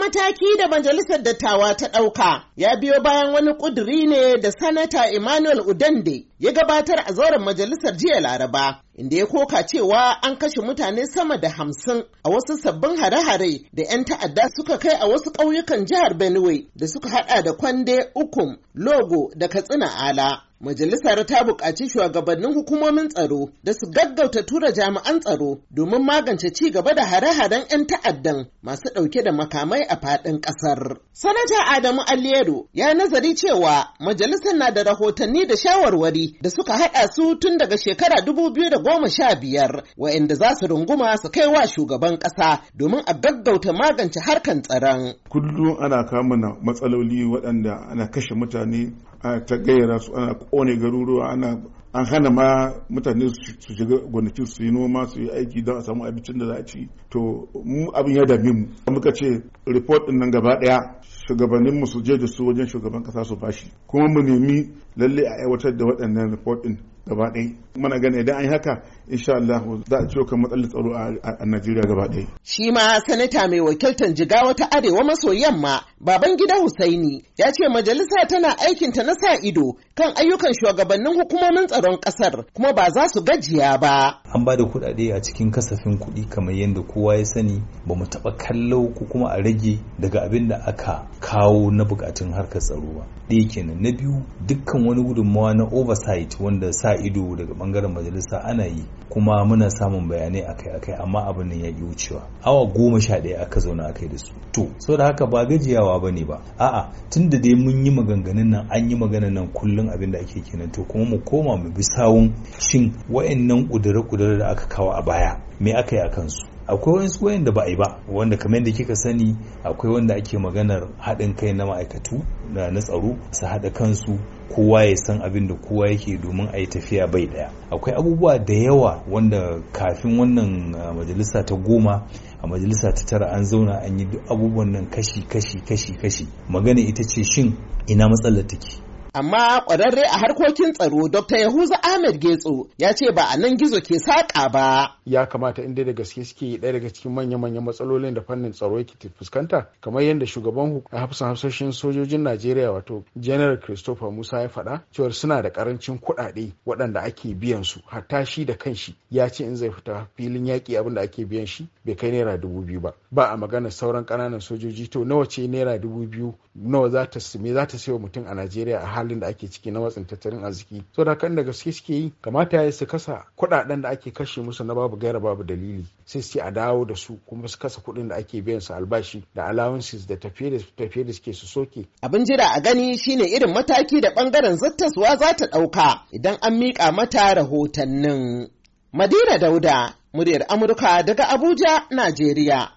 mataki da majalisar dattawa ta ɗauka ya biyo bayan wani ƙuduri ne da sanata Emmanuel Udande ya gabatar a zauren majalisar jiya Laraba, inda ya koka cewa an kashe mutane sama da hamsin a wasu sabbin hare-hare da 'yan ta'adda suka kai a wasu ƙauyukan jihar Benue da suka haɗa da Kwande, Ukum, Logo da Katsina Ala. Majalisar ta buƙaci shugabannin hukumomin tsaro da su gaggauta tura jami'an tsaro domin magance ci gaba da hare-haren 'yan ta'addan masu ɗauke da makamai a faɗin ƙasar. Sanata Adamu Aliyeru ya nazari cewa majalisar na da rahotanni da shawarwari da suka haɗa su tun daga shekara dubu biyu da goma sha biyar, wa'inda za su runguma su kai wa shugaban ƙasa domin a gaggauta magance harkan tsaron. Kullum ana na matsaloli waɗanda ana kashe mutane ta gayyara su ana kone garuruwa ana an hana ma mutane su shiga gwamnati su yi noma su yi aiki don a samu abincin da za a ci to mu abin ya dame mu muka ce report din nan gaba daya shugabannin mu su je da su wajen shugaban kasa su bashi kuma mu nemi lalle a aiwatar da waɗannan report din gaba ɗaya mana gane idan an yi haka insha Allah za a ciwo kan matsalar tsaro a Najeriya gaba ɗaya. Shi ma sanata mai wakiltar jigawa ta arewa maso yamma baban gida Husaini ya ce majalisa tana aikin ta na sa ido kan ayyukan shugabannin hukumomin tsaron ƙasar kuma ba za su gajiya ba. An ba da kuɗaɗe a cikin kasafin kuɗi kamar yadda kowa ya sani ba mu taɓa kallo ko kuma a rage daga abin da aka kawo na bukatun harkar tsaro ba. Ɗaya kenan na biyu dukkan wani gudunmawa na oversight wanda sa ido daga ɓangaren majalisa ana yi kuma muna samun bayanai akai-akai amma abin nan ya yi wucewa awa goma sha ɗaya aka zauna akai da su to saboda haka ba gajiyawa ba ne ba a'a tunda dai mun yi maganganun nan an yi maganan nan kullum abin da ake kenan to kuma mu koma mu bi sawun shin wa'annan ƙudure-ƙudure da aka kawo a baya me aka yi a kansu akwai wani wayan da ba a yi ba wanda kamar yadda kika sani akwai wanda ake maganar haɗin kai na ma'aikatu na tsaro su haɗa kansu kowa ya san abin da kowa yake domin a yi tafiya bai ɗaya. akwai abubuwa da yawa wanda kafin wannan majalisa ta goma a majalisa ta tara an zauna an yi duk abubuwan nan kashi kashi kashi kashi magana ita ce shin ina matsalar take Amma ƙwararre a harkokin tsaro Dr. Yahuza Ahmed Getso ya ce ba a nan gizo ke saƙa ba. Ya kamata inda da gaske suke ɗaya daga cikin manya-manyan matsalolin da fannin tsaro yake fuskanta kamar yadda shugaban hafsan hafsoshin sojojin Najeriya wato General Christopher Musa ya faɗa cewar suna da karancin kuɗaɗe waɗanda ake biyan su hatta shi da kanshi ya ce in zai fita filin yaƙi abin da ake biyan shi bai kai naira dubu biyu ba ba a magana sauran ƙananan sojoji to nawa ce naira dubu biyu nawa za ta me za ta sayo mutum a Najeriya a halin da ake ciki na matsin tattalin arziki so da kan daga gaske suke yi kamata ya su kasa kuɗaɗen da ake kashe musu na babu gaira babu dalili sai sai a dawo da su kuma su kasa kuɗin da ake biyan su albashi da allowances da tafiye da suke su soke abin jira a gani shine irin mataki da bangaren zattaswa za ta ɗauka idan an miƙa mata rahotannin Madina Dauda, muryar Amurka daga Abuja, Najeriya.